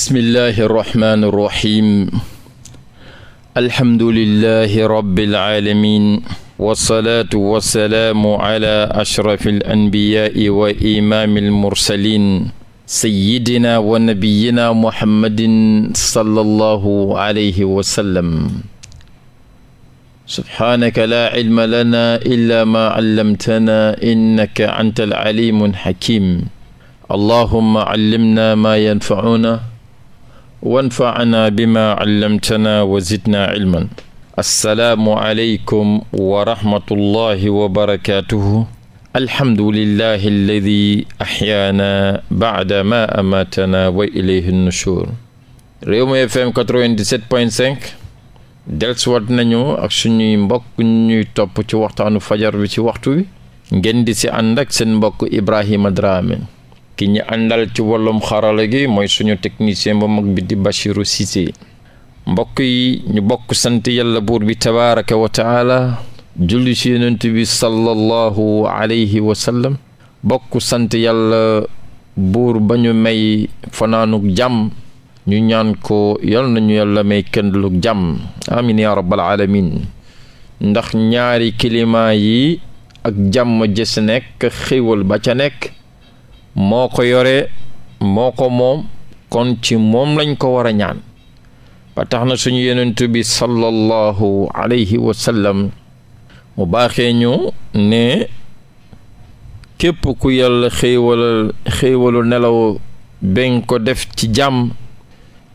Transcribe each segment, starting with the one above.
bismillahi irrahmani irrahim alhamdulilahi rabiilalamin walsalaatu walsalaamu ala ashraf alanbiyaai wa imaami almursalin sayidina wa nabiyina muhammadin sallallahu alayhi wa sallam subhaanaka laa cilma lana illa ma callamtana innaka anta alcalimu alxakim allahuma callimna ma yanfacuna wanfaanaa bimaa allamtanaa wa zidnaa ilman assalaamu aleykum wa rahmatullahi wa barakaatuhu alhamdulillahi alladi axyaana baada ma amaatana wa ilayhi nushur Rewmi FM 97.5 dellusiwaat nañu ak suñuy mbokk ñuy topp ci waxtaanu fajar bi ci waxtu wi ngeen di si ànd ak seen mbokk Ibrahima Dramé ki ñu àndal ci wàllum xarala gi mooy suñu technicien ba mag bi di Bachiru Cissé mbokk yi ñu bokk sant yàlla buur bi tabaraka wa taala julli ci yonent bi sallallahu alayhi wa bokk sant yàlla buur ba ñu may fanaanug jàmm ñu ñaan ko yal nañu yàlla may këndaluk jàmm amin ya rabbal alamin ndax ñaari kilima yi ak jàmm jës nekk xéwal ba ca nekk moo ko yore moo ko moom kon ci moom lañ ko war a ñaan ba tax na suñu yonent bi sallallahu alayhi wa sallam mu baaxee ñu ne képp ku yàlla xéewalal xéewalu nelaw ben ko def ci jàmm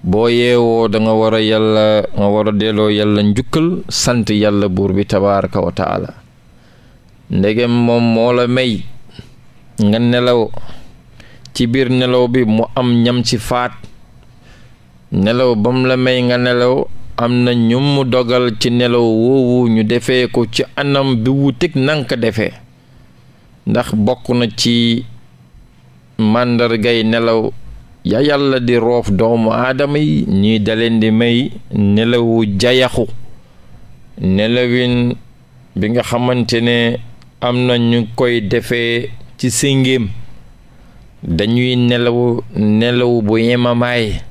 boo yeewoo danga war a yàlla nga war a delloo yàlla njukkal sant yàlla buur bi tabaraka wa ndegem moom moo la may nga nelaw ci biir nelaw bi mu am ñam ci faat nelaw bam la may nga nelaw am na ñu mu dogal ci nelaw woowu ñu defee ko ci anam bi wutik nanka defee ndax bokk na ci màndargay nelaw ya yàlla di roof doomu aadama yi ñii daleen di may nelawu jayaxu nelawin bi nga xamante ne am na ñu koy defee ci singéem dañuy nelaw nelaw bu yemamaay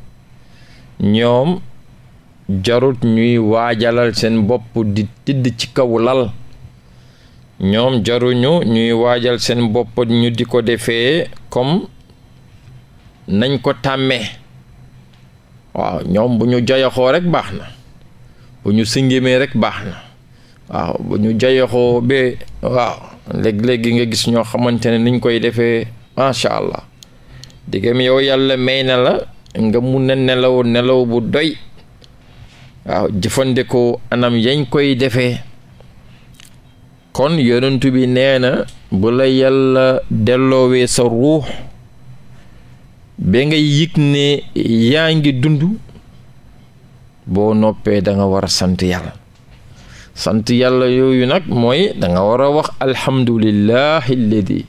ñoom jarut ñuy waajalal seen bopp di tidd ci kaw lal ñoom jaruñu ñuy waajal seen bopp ñu di ko defee comme nañ ko tàmmee waaw ñoom bu ñu jayaxoo rek baax na bu ñu singimee rek baax na waaw bu ñu jayaxoo ba waaw léeg-léegi nga gis ñoo xamante ne niñ koy defee macha allah diggam yow yàlla may na la nga mun na nelaw nelaw bu doy waaw jëfandikoo anam yañ koy defee kon yonent bi nee na bu la yàlla delloowee sa ruux ba nga yëg ne yaa ngi dund boo noppee danga war a sant yàlla sant yàlla yooyu nag mooy danga war a wax alhamdulillahi alladi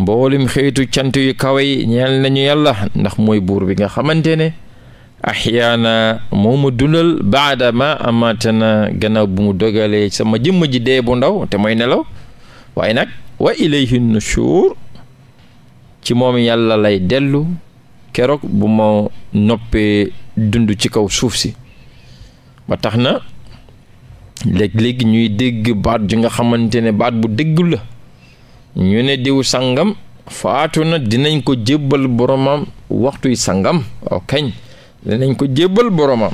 mboolum xeetu cant yu kawe yi nañu yàlla ndax mooy buur bi nga xamante ne axyaana moo ma dundal baadama amaatana gannaaw bu mu dogalee sama jëmm ji dee bu ndaw te mooy nelaw waaye nag wa ilayhi nushur ci moom yàlla lay dellu keroog bu ma noppee dund ci kaw suuf si ba tax na léeg léegi ñuy dégg baat ju nga xamante ne baat bu dëggul la ñu ne diw sangam faatu na dinañ ko jébbal boromam waxtuy sangam waaw kañ dinañ ko jébbal boromam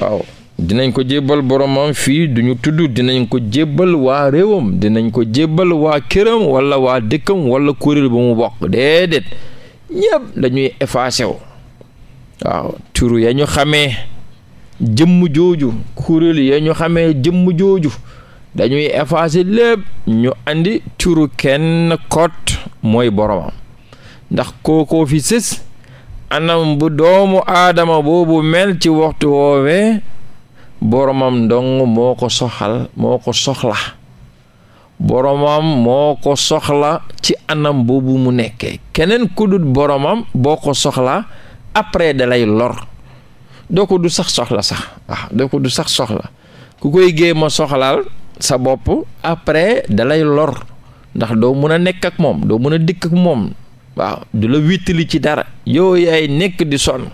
waaw dinañ ko jébbal boromam fii duñu tudd dinañ ko jébbal waa réewam dinañ ko jébbal waa këram walla waa dëkkam wala kuréel bu mu bokk déedéet ñëpp dañuy effacé wu waaw turu ya xamee jëmm jooju kuréel ya ñu xamee jëmm jooju dañuy effacer lépp ñu indi turu kenn kot mooy boromam ndax kookoo fi sës anam bu doomu aadama boobu mel ci waxtu woowee boromam dong moo ko soxal moo ko soxla boromam moo ko soxla ci anam boobu mu nekkee keneen ku dut boromam boo ko soxla après dalay lor doo ko du sax soxla sax waaw doo ko du sax soxla ku koy géema soxlaal sa bopp après dalay lor ndax doo mën a nekk ak moom doo mën a dikk ak moom waaw du la wittali ci dara yow ay nekk di sonn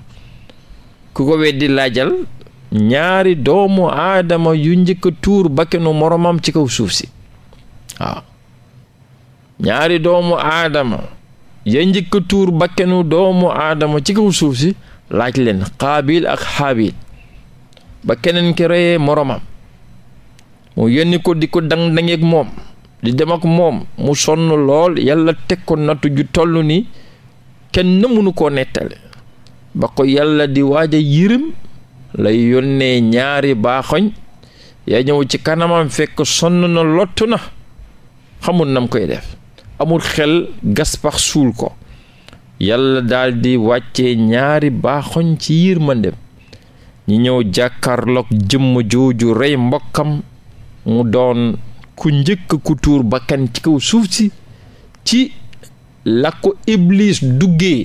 ku ko weddi laajal ñaari doomu aadama yu njëkk a tuur bakkanu moromam ci kaw suuf si ñaari doomu aadama ya njëkk tuur bakkanu doomu aadama ci kaw suuf si laaj leen xaabil ak xaabil ba keneen ki reyee moromam mu yónni ko di ko dang dangeeg moom di dem ak moom mu sonn lool yàlla teg ko nattu ju toll ni kenn mënu koo nettale ba ko yàlla di waaja a lay yónnee ñaari baaxoñ yaa ñëw ci kanamam fekk sonn na lottu na xamul nam koy def amul xel gaspax suul ko yàlla daal di wàccee ñaari baaxoñ ci yiir yërmandem ñi ñëw jàkkarlook jëmm jooju rey mbokkam mu doon ku njëkk ku tuur bakkan ci kaw suuf si ci la ko iblis dugge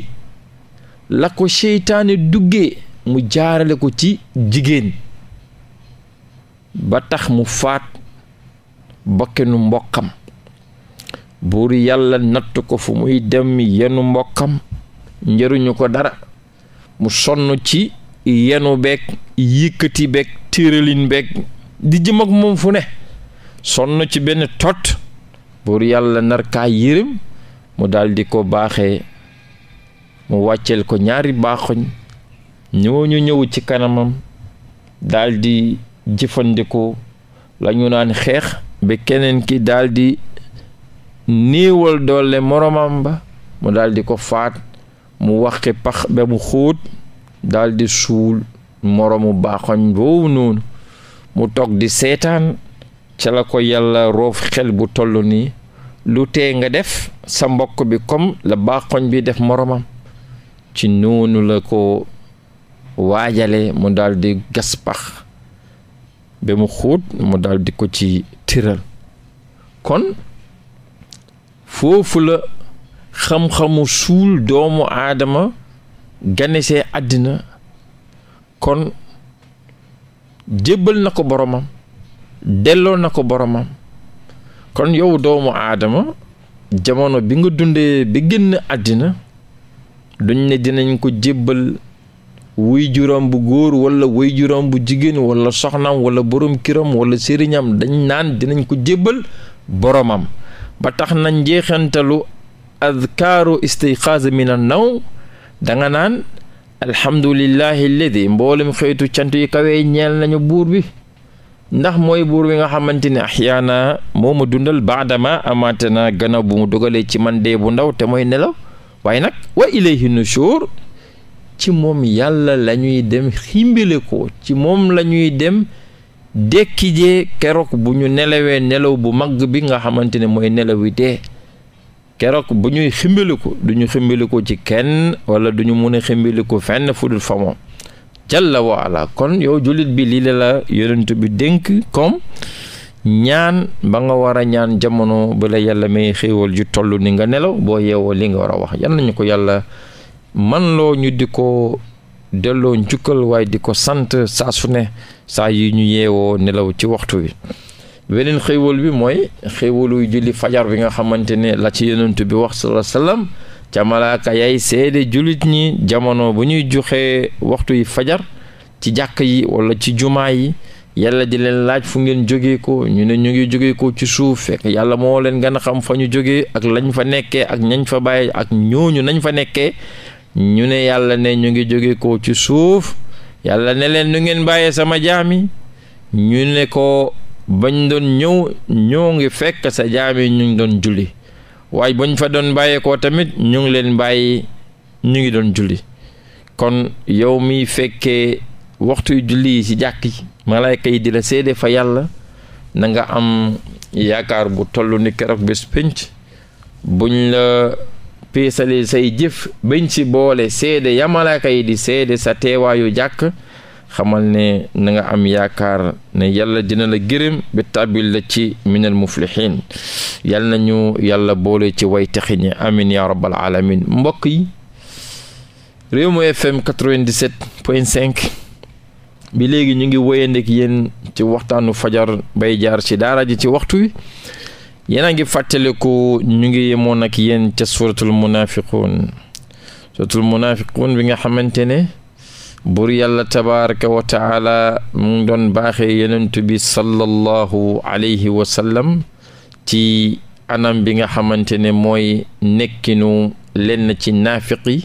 la ko seytaane duggee mu jaarale ko ci jigéen ba tax mu faat bakkanu mbokkam buur yàlla natt ko fu muy dem yenu mbokkam njëruñu ko dara mu sonn ci yenu beeg yëkkati beeg tëralin beeg di jëm moom fu ne sonn ci benn tot buur yàlla nar kaa mu daldi ko baaxe mu wàcceel ko ñaari baaxoñ ñooñu ñëw ci kanamam daldi jëfandikoo lañu naan xeex ba keneen ki daldi niiwal doole moroomam ba mu daldi ko faat mu waxi pax ba mu xóot daldi suul moroomu baaxoñ boobu noonu mu toog di seetaan ca la ko yàlla roof xel bu toll nii lu tee nga def sa mbokk bi comme la baaxoñ bi def moroomam ci noonu la ko waajale mu daldi gaspax gas mu xuut mu daldi ko ci tiral kon foofu la xam-xamu suul doomu aadama gane see àddina kon jébbal na ko boromam delloo na ko boromam kon yow doomu aadama jamono bi nga dundee bi génn àddina duñ ne dinañ ko jébbal wuy juróom bu góor wala wuy juróom bu jigéen wala soxnaam wala borom kiram walla sëriñam dañ naan dinañ ko jébbal boromam ba tax na njeexantalu adkaaru istixaasa min an naw danga naan alhamdulillahi alladi mboolem xeetu cant yi kawe ñeel nañu buur bi ndax mooy buur bi nga xamante ne axyaana moo ma dundal baadama amaate na gannaaw bu mu dogalee ci man dee bu ndaw te mooy nelaw waaye nag wa ilayhi nushur ci moom yàlla la ñuy dem ximbile ko ci moom lañuy dem dekki jee keroog bu ñu nelawee nelaw bu mag bi nga xamante ne mooy nelaw wi dee keroog bu ñuy ximbaliku duñu ñu ci kenn wala duñu ñu mun a ximbaliku fenn fu dul fa moom jalla wa ala kon yow jullit bi lii la la yonent bi dénk comme ñaan ba nga war a ñaan jamono ba la yàlla may xéewal ju toll ni nga nelaw boo yeewoo li nga war a wax yal nañu ko yàlla man loo ñu di ko delloo njukkal waaye di ko sant saa su saa yi ñu yeewoo nelaw ci waxtu wi beneen xéewal bi mooy xéewalu julli fajar bi nga xamante ne la ci yonent bi wax sallallahu alayhi ca malaaka yay seede jullit ñi jamono bu ñuy joxe waxtu yi fajar ci jàkk yi wala ci jumaa yi yàlla di leen laaj fu ngeen jógee ñu ne ñu ngi jógee ci suuf yàlla moo leen gën a xam fa ñu jógee ak lañ fa nekkee ak ñañ fa bàyyi ak ñooñu nañ fa nekkee ñu ne yàlla ne ñu ngi jógee ci suuf yàlla nu ngeen bàyyee sama jaami ñu ne ko bañ doon ñëw ñoo ngi fekk sa jaami ñu ngi doon julli waaye bañ fa doon bàyyeekoo tamit ñu ngi leen bàyyi ñu ngi doon julli kon yow mi fekkee waxtu julli yi ci jàkk yi malayka yi di la seede fa yàlla na nga am yaakaar bu toll ni keroog bés pénc buñ la piisali say jëf bañ ci boole seede ya malayka yi di seede sa teewaayu jàkk xamal ne na nga am yaakaar ne yàlla dina la gërëm bi tàbbil la ci minal muflihin yal nañu yàlla boole ci way texi ñi amin ya rabbal alamin mbokk yi Rewmi FM 97.5 bi léegi ñu ngi wéyandik yéen ci waxtaanu fajar bay jaar ci daara ji ci waxtu yi yéen a ngi fàttaliku ñu ngi yemoon ak yéen ca suratul munafiqun suratul munafiqun bi nga xamante ne buur yàlla tabaraka wa taala mu doon baaxee yenent bi sallallahu alayhi wa ci anam bi nga xamante ne mooy nekkinu lenn ci naafiq yi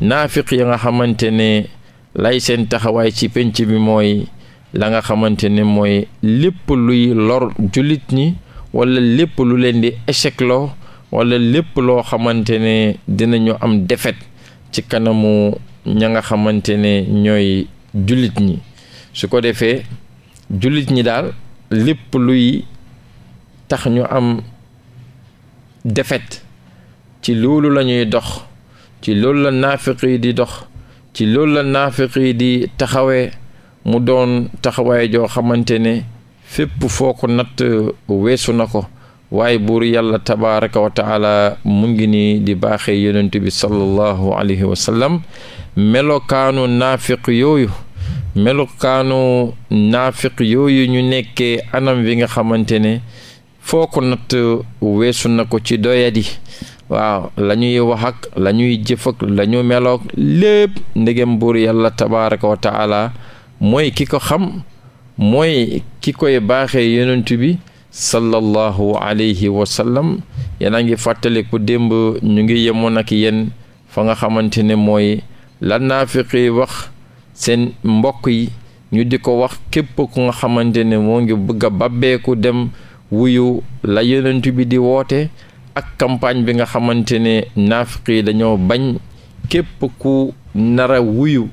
naafiq ya nga xamante ne lay seen taxawaay ci penc bi mooy la nga xamante ne mooy lépp luy lor jullit ñi wala lépp lu leen di échec loo wala lépp loo xamante ne dinañu am defet ci kanamu ña nga xamante ne ñooy jullit ñi su ko defee jullit ñi daal lépp luy tax ñu am defet ci loolu lañuy dox ci loolu la naafiq yi di dox ci loolu la naafiq yi di taxawee mu doon taxawaay joo xamante ne fépp foo ko natt weesu na ko waaye buur yàlla tabaraka wa taala mu ngi nii di baaxe yonent bi sallallahu alayhi wa sallam melokaanu naafiq yooyu ñu nekkee anam wi nga xamante ne foo ko natt weesu na ko ci doyadi waaw la ñuy wax ak la ñuy jëf ak la ñu meloog ndegem buur yàlla tabaraka wa taala mooy ki ko xam mooy ki ko baaxee yonent bi sallallahu alayhi wa sallam yéen a ngi fàttaliku démb ñu ngi yemoon ak yéen fa nga xamante ne mooy lan naafiqi wax seen mbokk yi ñu di ko wax képp ku nga xamante ne moo ngi bëgg a babbeeku dem wuyu la yonent bi di woote ak campagne bi nga xamante ne naafiqi dañoo bañ képp ku nara wuyu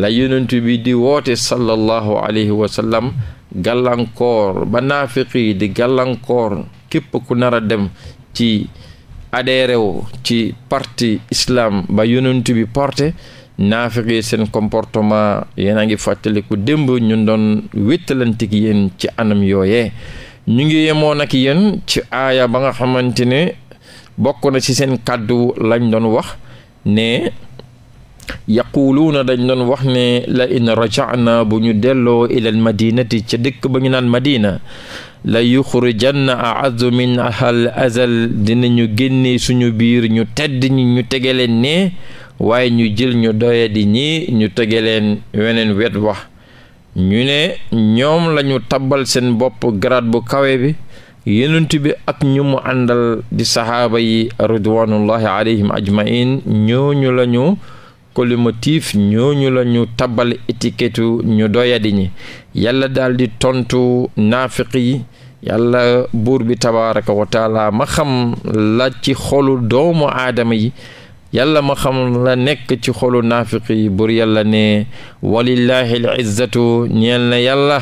la yonent bi di woote sallallahu alayhi wa gàllankoor ba naafiq di gàllankoor képp ku nara dem ci adhéré ci parti islam ba yonent bi porté naafiq yi seen comportement yéen a ngi fàttaliku démb ñun doon wéttalantik yéen ci anam yooyee ñu ngi yemoon ak yéen ci aaya ba nga xamante ne bokk na ci seen kàddu lañ doon wax ne yaquluuna dañ doon wax ne la in rajana bu ñu delloo ilal madinati ca dëkk ba ñu naan madina la yuxrijanna aadu min ahal azal dinañu génne suñu biir ñu tedd ñi ñu tege ni waaye ñu jël ñu doye di ñi ñu tegeleen weneen wet wax ñu ne ñoom lañu tabbal seen bopp garaat bu kawe bi yenent bi ak ñu mu àndal di saxaaba yi ridwanullahi alayhim ajmain ñooñu lañu colomotif ñooñu la ñu tabal étiquette ñu doyadi ñi yàlla daal tontu naafiq yi yàlla buur bi tabaraka wa taala la ci xolu doomu aadama yi yàlla ma xam la nekk ci xolu naafiq yi buur yàlla ne walillahi l izzatu ñeel yàlla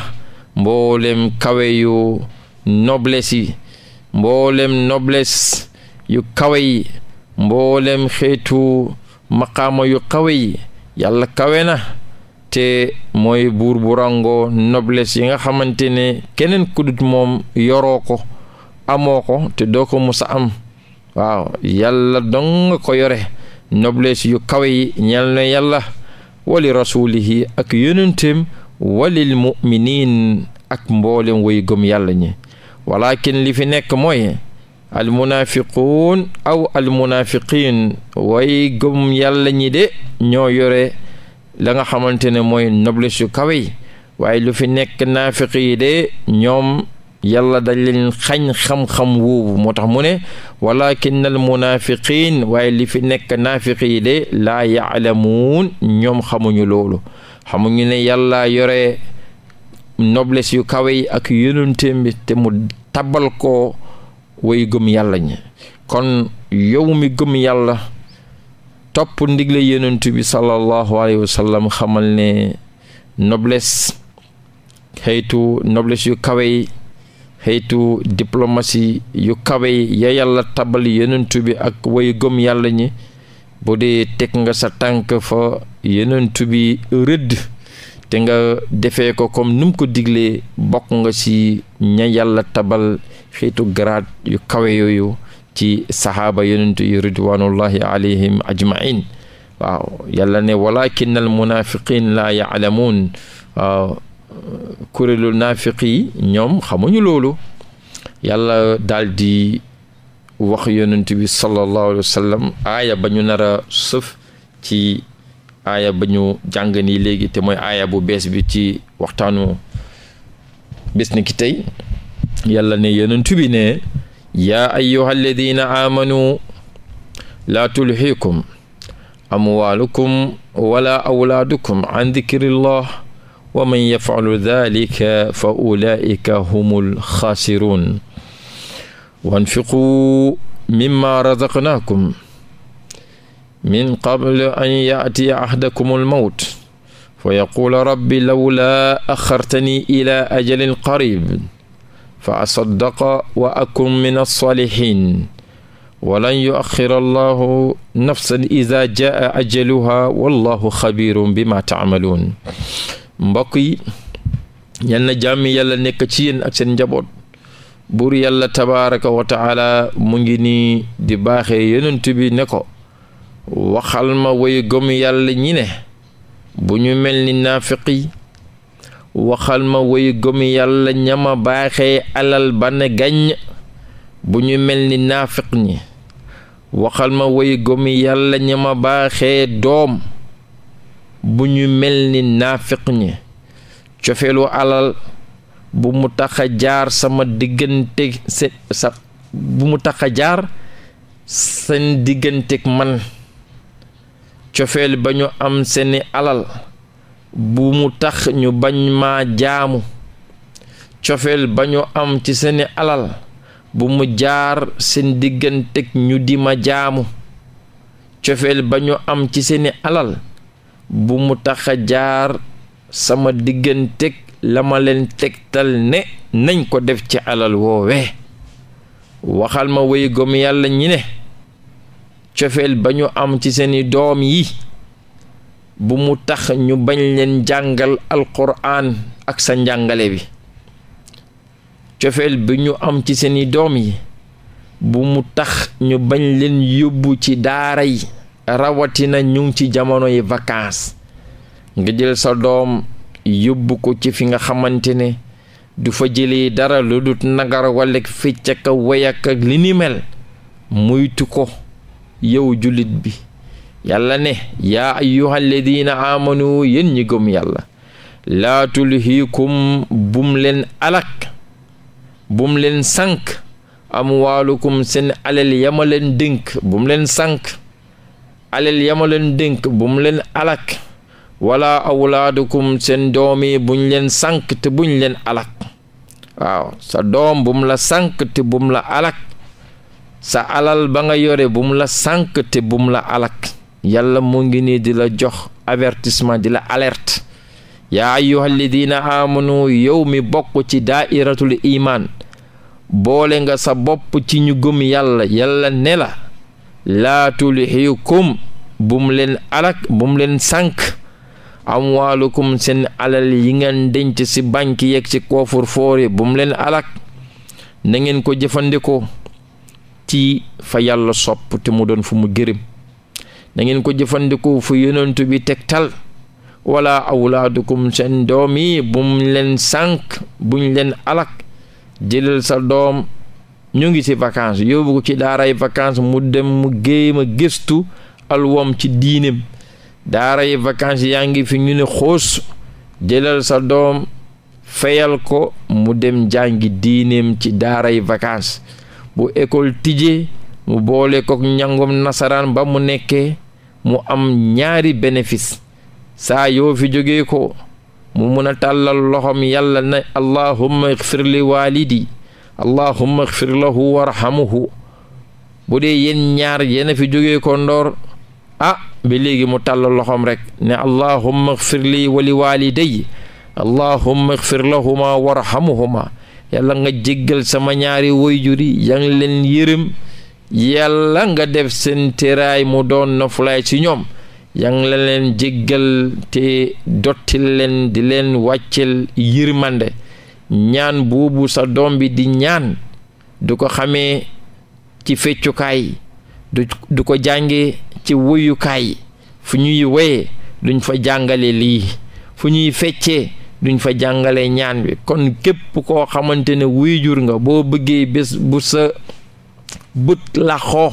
mboolem kawe yu mboolem noblesse yu kawe mboolem xeetu maqaama yu kawe yi yàlla kawe na te mooy buur bu rango noblesse yi nga xamante ne keneen kudut moom yoroo ko amoo ko te doo ko musa am waaw yàlla dong ko yore noblesse yu kawe yi ñeel na yàlla wali rasulihi ak yonenteem mi muminin ak mboolem way gëm yàlla ñi walakin li fi nekk mooy almunaafiquun aw almunaafiqiin way gëm yàlla ñi de ñoo yore la nga xamante ne mooy noblesse yu kawe yi waaye lu fi nekk naafiq yi de ñoom yàlla dañ leen xañ xam-xam woowu moo tax mu ne walakin al munaafiqiin waaye li fi nekk naafiq yi de laa yaalamuun ñoom xamuñu loolu xamuñu ne yàlla yore noblesse yu kawe yi ak yonenteem bi te mu tabal ko way gëm yàlla ñi kon yow mi gëm yàlla topp ndigle yonent bi sallallahu alayhi wa sallam xamal ne noblesse xeetu noblesse yu kawe yi xëytu diplomatie yu kawe ya yàlla tabal yonent bi ak way gëm yàlla ñi bu dee teg nga sa tànk fa yonent bi rëdd te nga defee ko comme num ko diglee bokk nga ci ña yàlla tabal xiitu garaat yu kawe yooyu ci sahaaba yonentu yi ridwanullahi alayhim ajmain waaw ne walakin al munafiqin laa yaalamuun waaw kuréelu ñoom xamuñu loolu yàlla daldi wax yonent bi sallallahu alayhi wa aaya ba ñu nara sëf ci aaya ba ñu jàng nii léegi te mooy aaya bu bees bi ci waxtaanu bés ni ki tey yàlla ne yonent bi ne yaa ayyuha alladina aamanu laa tulhikum amwaalukum wala awlaadukum an dikrillah wa man yafaalu dalika fa ulaika humul xaasiruun wanfiquu mimma razaqnaakum min qabl an yaatiya ahdakum almawt fa yaquula rabbi lawlaa axartani ila ajalin qarib fa asaddaqa wa akum min alsalihin walan yuaxira nafsan ida jaa ajaluha wallahu xabirun bima taamaluun mbokk yi yal na jàmm yàlla nekk ci yéen ak sen njaboot buur yàlla tabaraka wa taala mu ngi nii di baaxe yonent bi ne ko waxal ma way gëm yàlla ñi ne bu ñu mel ni naafiq waxal ma woy gëm yàlla ñama baaxee alal ba ne gaññ bu ñu mel ni naafiq ñi waxal ma woy gëm yàlla ñama baaxe doom bu ñu mel ni naafiq ñi cofeelu alal bu mu tax a jaar sama diggante sa bu mu tax a jaar seen digganteeg man cofeel ba ñu am seeni alal bu tax ñu bañ ma jaamu cofeel ba ñu am ci seeni alal bu jaar seen digganteg ñu di ma jaamu cofeel ba ñu am ci seeni alal bu mu tax a jaar sama digganteg la ma leen tegtal ne nañ ko def ci alal woowee waxal ma wéy yàlla ñi ne cofeel ba ñu am ci seeni doom yi bu mu tax ñu bañ leen jàngal alquraan ak sa njàngale bi cofeel bi ñu am ci seeni doom yi bu mu tax ñu bañ leen yóbbu ci daara yi rawatina ñu ci jamono yi vacances nga jël sa doom yóbbu ko ci fi nga xamante ne du fa jëlee dara lu dut nagar wala fecc ak way ak li ni mel muytu ko yow jullit bi yàlla ne yaa ayyuhal ladina amanu yéen ñi gëm yàlla laa tulhikum bum leen alak bum leen sànk amwaalukum seen alal yama leen dénk bum leen sànk alal yama leen dénk bum leen alak wala awlaadukum seen doom yi buñ leen sànk te buñ leen alak waaw sa doom bum la sànk te bum la alak sa alal ba nga yore bum la sànk te bum la alak yàlla mu ngi nii di la jox avertissement di la alerte yaa ayyuhalladina amanu yow mi bokk ci daairatul imaan boole nga sa bopp ci ñu gëm yàlla yàlla ne la laa tulhikum bum leen alak bum leen sànk amwaalukum seen alal yi ngeen denc ci banque yeeg ci koofur foore bum leen alak nangeen ko jëfandikoo ci fa yàlla sopp te mu doon fu mu gërëm dangeen ko jëfandikoo fu yonent bi tegtal wala awlaadukum seen doom yi bum leen sànq buñ leen alak jëlal sa doom ñu ngi ci vacances yóbbu ko ci daaray vacances mu dem mu géem a gëstu alwom ci diineem daaray vacances yaa ngi fi ñu ne xoos jëlal sa doom fayal ko mu dem jàngi diineem ci daaray vacances bu école tijjee mu boole ko njàngum nasaraan ba mu nekkee mu am ñaari bénéfice saa yoo fi jógee ko mu mun a tàllal loxom yàlla ne allahumma ixfir li waalidi allahumma ixfir lahu warhamuhu bu dee yéen ñaar yéena fi jógee ko ndoor ah ba léegi mu tàllal loxom rek ne allahumma ixfir li wali waaliday allahumma ixfir lahuma warhamuhuma yàlla nga jéggal sama ñaari woyjuri yang leen yërëm yàlla nga def seen teraay mu doon noflaay ci ñoom yang leen jéggal te dottil di leen wàccel yirmande ñaan boobu sa doom bi di ñaan du ko xamee ci feccukaay du du ko jànge ci woyukaay fu ñuy woye duñ fa jàngale lii fu ñuy feccee duñ fa jàngale ñaan bi kon képp koo xamante ne wuyjur nga boo bëggee bés bu sa bët laxoo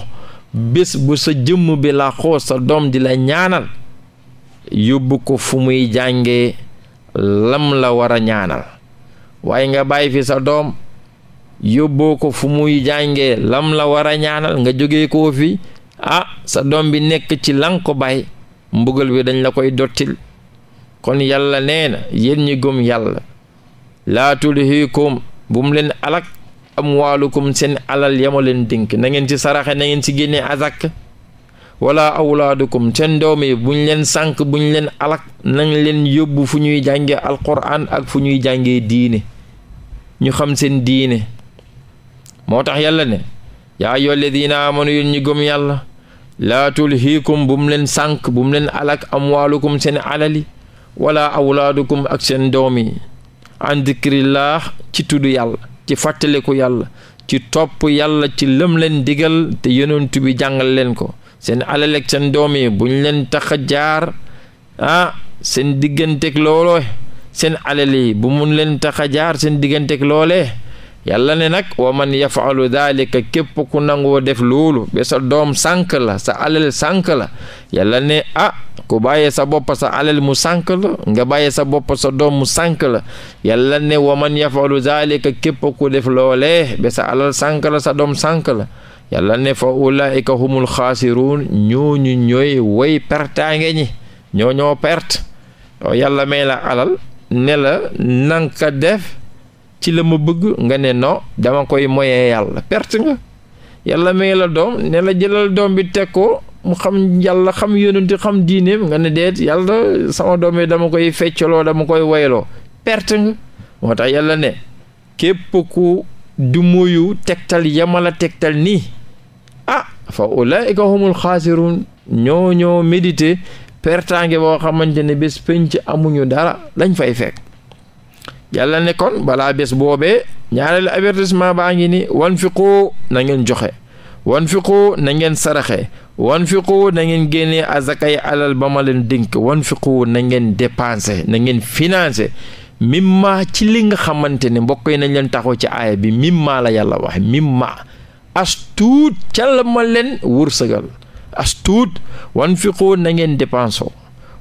bés bu sa jëmm bi laxoo sa doom di la ñaanal yóbbu ko fu muy jàngee lam la war a ñaanal waaye nga bàyyi fi sa doom yóbbu ko fu muy jànge lam la war a ñaanal nga jóge koo fi ah sa doom bi nekk ci lan ko bàyyi mbugal bi dañ la koy dottil kon yàlla nee na yéen ñi gëm yàlla laa tulhikum bu mu leen alak amwaalukum seen alal yama leen dink na ngeen ci saraxe na ngeen ci génnee azak wala awlaadukum seen doom yi buñ leen sànq buñ leen alak nañ leen yóbbu fu ñuy jànge alquran ak fu ñuy jànge diine ñu xam seen diine moo tax yàlla ne yaa ayyuha alladina amanu yéen ñu gëm yàlla laa tulhikum bu mu leen sànq bu mu leen alak amwaalukum seen alali wala awlaadukum ak seen doom yi an dikrillah ci tudd yàlla ci fàttaliku yàlla ci topp yàlla ci lëm leen diggal te yonent bi jàngal leen ko seen alal seen doom yi bu ñu leen tax a jaar ah seen digganteeg looloo seen alal yi bu mun leen tax a jaar seen digganteeg loole yàlla ne nag wa man yafaalu daalika képp ku nangoo def loolu ba sa doom sànk la sa alal sànk la yàlla ne ah ku sa bopp sa alal mu sànk nga bàyyee sa bopp sa doom mu sànk la yàlla ne wa man yafaalu daalika képp ku def loolee ba sa alal sànk sa doom sànk la yàlla ne fa ulaika humul xaasiruun ñooñu ñooy way pertaange ñi ñoo ñoo perte yàlla la alal ne nanka def ci la ma bëgg nga ne non dama koy moyee yàlla perte nga yàlla may la doom ne la jëlal doom bi teg ko mu xam yàlla xam yonent xam diineem nga ne deet yàlla sama doom bi dama koy feccaloo dama koy wayloo perte nga moo tax yàlla ne képp ku du moyu tegtal yamala tegtal nii a ah, fa ulaika humul xaasirun ñoo ñoo médité pertange boo xamante ne bés penc amuñu dara lañ fay fekk yàlla ne kon balaa bés boobee ñaareelu avertissement baa ngi ni wan wanfiqu na ngeen joxe wan wanfiqu na ngeen saraxe wanfiqu na ngeen génnee azakay alal ba ma leen dénk wanfiqu na ngeen dépensé na ngeen financé mimma ci li nga xamante ne mbokk yi nañ leen taxaw ci aaya bi mimma la yàlla wax mimma astuut ca la ma leen wursagal wan wanfiqu na ngeen dépensé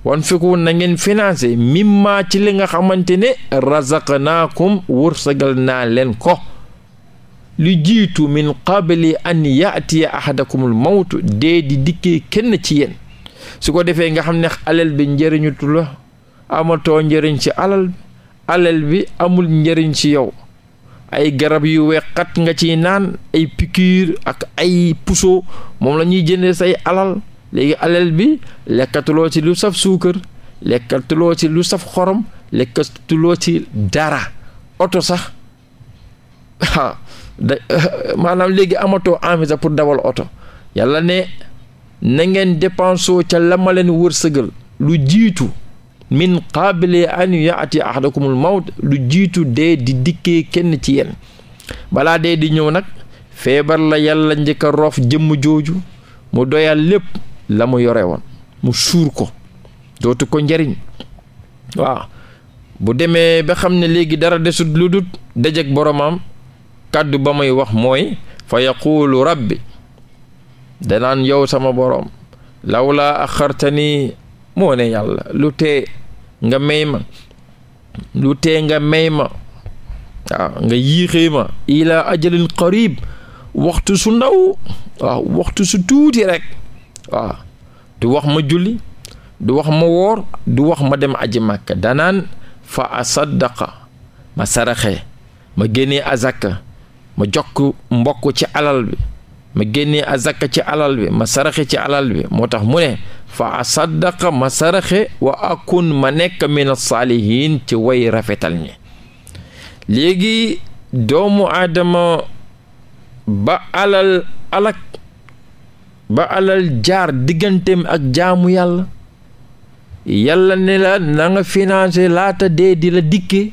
wan fiku na ngeen financé mimma ci li nga xamante ne razaqnaakum wursagal naa leen ko lu jiitu min qabli an yaatiya ahadakumul mawtu dee di dikkee kenn ci yéen su ko defee nga xam ne alal bi njëriñutu la amatoo njëriñ ci alal alal bi amul njëriñ ci yow ay garab yu weexat nga ciy naan ay pikiir ak ay puso moom lañuy ñuy say alal léegi alal bi lekkatuloo ci lu saf suukar lekkatuloo ci lu saf xorom lekkatuloo ci dara oto sax ah léegi amatoo envie pour dawal oto yàlla ne na ngeen dépensoo ca la ma leen lu jiitu min qabli an yaati ahadakumul mawt lu jiitu dee di dikkee kenn ci yéen balaa dee di ñëw nag feebar la yàlla njëkka roof jëmm jooju mu doyal lépp la mu yore woon mu suur ko dootu ko njariñ waaw bu demee ba xam ne léegi dara desut lu dut dajeg boromam kàddu ba muy wax mooy fa yaquulu rabbi danaan yow sama borom lawlaa axartani moo ne yàlla lu tee nga may ma lu tee nga may ma waaw nga yiixee ma ila ajalin qarib waxtu su ndaw waaw waxtu su tuuti rekk waaw du wax ma julli du wax ma woor du wax ma dem aji màkka danaan fa asaddaqa ma saraxe ma génnee azaka ma jokk mbokk ci alal bi ma génnee azaka ci alal bi ma saraxe ci alal bi moo tax mu ne fa asaddaqa ma saraxe wa akun ma nekk min saalihin ci way rafetal ni léegi doomu aadama ba alal alak ba alal jaar digganteem ak jaamu yàlla yàlla ne la na nga laata dee di la dikke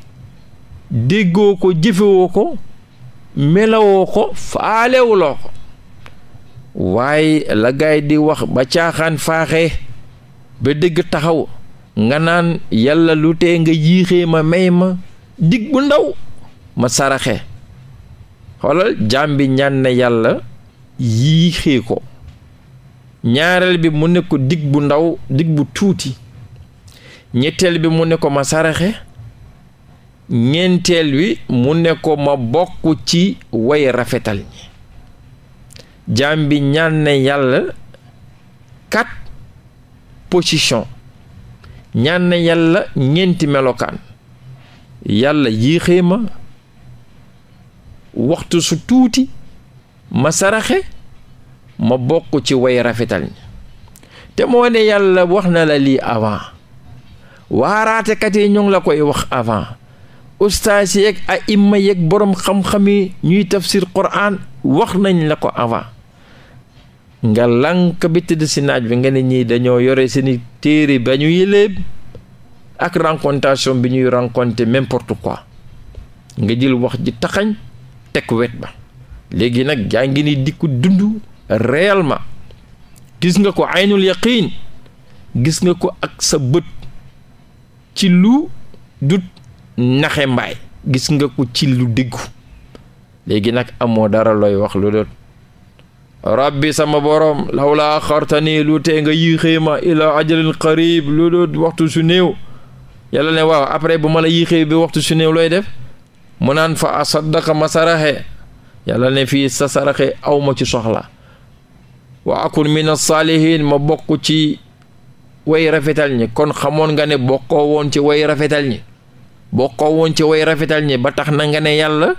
déggoo ko jëfewoo ko melawoo ko faalewuloo ko waaye la gaay di wax ba caaxaan faaxee ba dégg taxaw nga naan yàlla lu te nga yiixee ma may ma dig bu ndaw ma saraxe xoolal jaam bi ñaan na yàlla yiixee ko ñaareel bi mu ne ko dig ndaw dig bu tuuti ñetteel bi mu ne ko ma saraxe ñeenteel wi mu ne ko ma bokk ci way rafetal ñi jaam bi ñaan na yàlla quatre position ñaan yàlla ñeenti melokaan yàlla yéexee ma waxtu su tuuti ma saraxe ma bokk ci way rafetal te moo ne yàlla wax na la lii avant waaraatekat yi ñoo ngi la koy wax avant ustaas yeeg a imma yeeg boroom xam yi ñuy tafsir Qur'an wax nañ la ko avant nga lànk bi tëdd si naaj bi nga ne ñii dañoo yore seeni téere ba ñu yëléeb ak rencontration bi ñuy rencontre n'importe quoi nga jël wax ji taxañ teg wet ba léegi nag yaa ngi ni dikku dund réellement gis nga ko aynul yaqin gis nga ko ak sa bët ci lu dut naxe mbaay gis nga ko ci lu déggu léegi nag amoo dara looy wax lu doon rabbi sama boroom la xartani lu tee nga yiixee ma ila ajalin qarib lu doon waxtu su néew yàlla ne waaw après bu ma la yiixee bi waxtu su néew looy def mu naan fa asaddaqa ma saraxe yàlla ne fii sa saraxe awma ci soxla waa akun min as ma bokk ci woy rafetal ñi kon xamoon nga ne bokkoo woon ci woy rafetal ñi bokkoo woon ci woy rafetal ñi ba tax na nga ne yàlla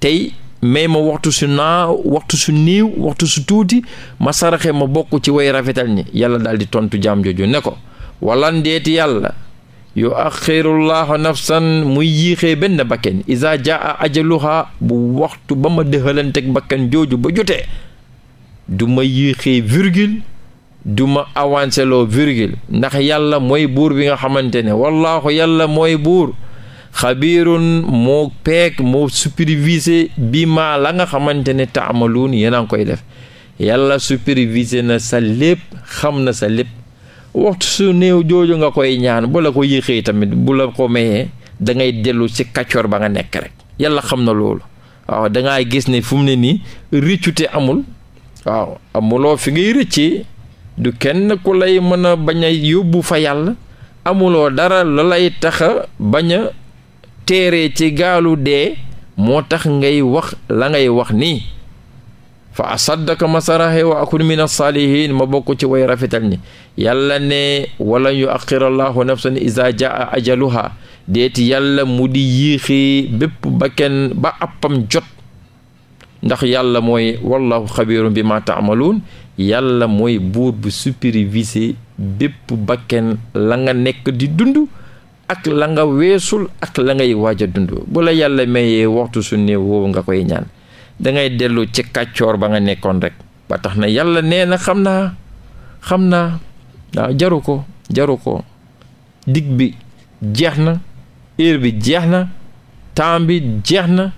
tey may ma waxtu su naa waxtu su niiw waxtu su tuuti ma saraxe ma bokk ci woy rafetal ñi yàlla daal di tontu jaam jooju ne ko walla deeti yàlla yu axirullahu nafsan muy yiixee benn bakken isa jaa ajaluha bu waxtu ba ma dëxalanteg bakken jooju ba jotee du ma yéexee virgule du ma avancé virgule ndax yàlla mooy buur bi nga xamante ne wallaahu yàlla mooy buur xabiirun moo peeg moo supervisé bi maa la nga xamante ne taamaluun yéen a ngi koy def yàlla supervisé na sa lépp xam na sa lépp waxtu su néew jooju nga koy ñaan bu la ko yéexee tamit bu la ko mayee da ngay dellu ci kàccoor ba nga nekk rek yàlla xam na loolu waaw dangaa gis ne fu ne nii rëccute amul waaw amuloo fi ngay rëccee du kenn ku lay mën a bañ a yóbbu fa yàlla amuloo dara la lay taxa bañ a téere ci gaalu dee moo tax ngay wax la ngay wax nii fa asaddaka masaraxe wa akun min ma bokk ci way rafetal ni yàlla ne walla yu aqira allahu nafsan isa jaa ajaluha deeti yàlla mu di yiixi bépp ba bakken ba appam jot ndax yàlla mooy wallahu xabirum bi ma taamaluun yàlla mooy buur bu supervisé bépp bakken la nga nekk di dund ak la nga weesul ak la ngay waaj a dund bu la yàlla mayee waxtu su néew woowu nga koy ñaan dangay dellu ci kàccoor ba nga nekkoon rek ba tax na yàlla nee na xam naa xam naa waaw ah, jaru ko jaru ko dig bi jeex na heure bi jeex na temps bi jeex na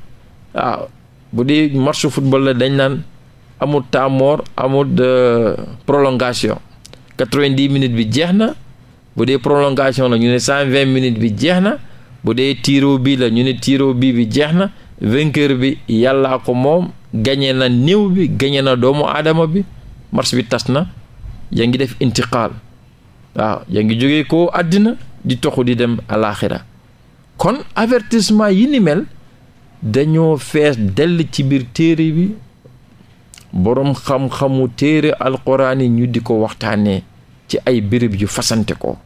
waaw ah, bu dee match football la dañ naan amul taamoor mort amul prolongation quatre-vingt-dix minutes bi jeex na bu dee prolongation la ñu ne cent vingt minutes bi jeex na bu dee tiro bi la ñu ne tiro bi bi jeex na vainqueur bi yàllaa ko moom gañe na néew bi gañe na doomu aadama bi match bi tas na yaa ngi def intiqaal waaw yaa ngi jógee ko àddina di toxu di dem alaxira kon avertissement yi ni mel dañoo fees dell ci biir téere bi boroom xam-xamu téere alxuraan yi ñu di ko waxtaanee ci ay béréb yu fasante ko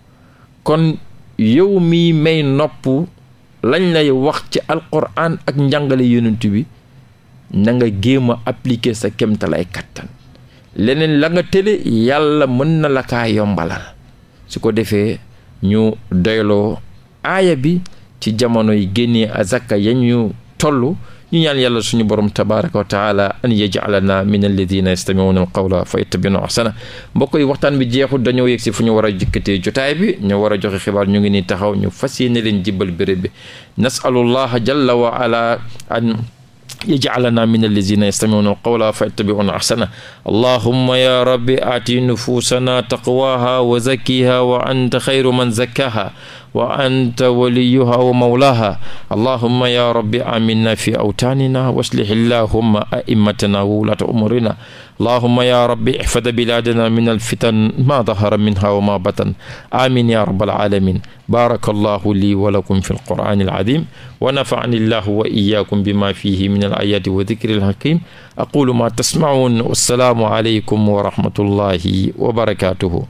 kon yow miy may nopp lañ lay wax ci alxuraan ak njàngale yonent bi na nga géem a appliquer sa kemtalay leneen la nga tële yàlla mën na la kaa yombalal su ko defee ñu doyloo aaya bi ci jamono yi génne azaka ya toll ñu ñaan yàlla suñu borom tabaraka wa taala an yajalana min alladina yastamiuna alqawla fa yattabiuna ahsana mbokk yi waxtaan bi jeexul dañoo yegg si fu ñu war a jëkkatee jotaay bi ñu war a joxe xibaar ñu ngi ni taxaw ñu fas yéene leen jibbal béréb bi nasalullaha jalla wa ala an yajcalana min allazina yastamicuuna alqawla fa yattabicuuna axsana allahuma ya rabbi aati nufuusana taqwaha wa zakkiha wa anta xayru man zakkaha wa anta waliyuha wa mawlaha allahumma ya rabbi aminna fi awtaanina wa aslih allahumma a'immatana wa wulaata umurina allahumma ya rabbi ihfad biladana min alfitan ma dahara minha wa ma batan amin ya rabbal alamin baraka allahu li wa lakum fi alqur'ani alazim wa nafa'ani allahu wa iyyakum bima fihi min alayati wa dhikri alhakim aqulu ma tasma'un wassalamu alaykum wa rahmatullahi wa barakatuhu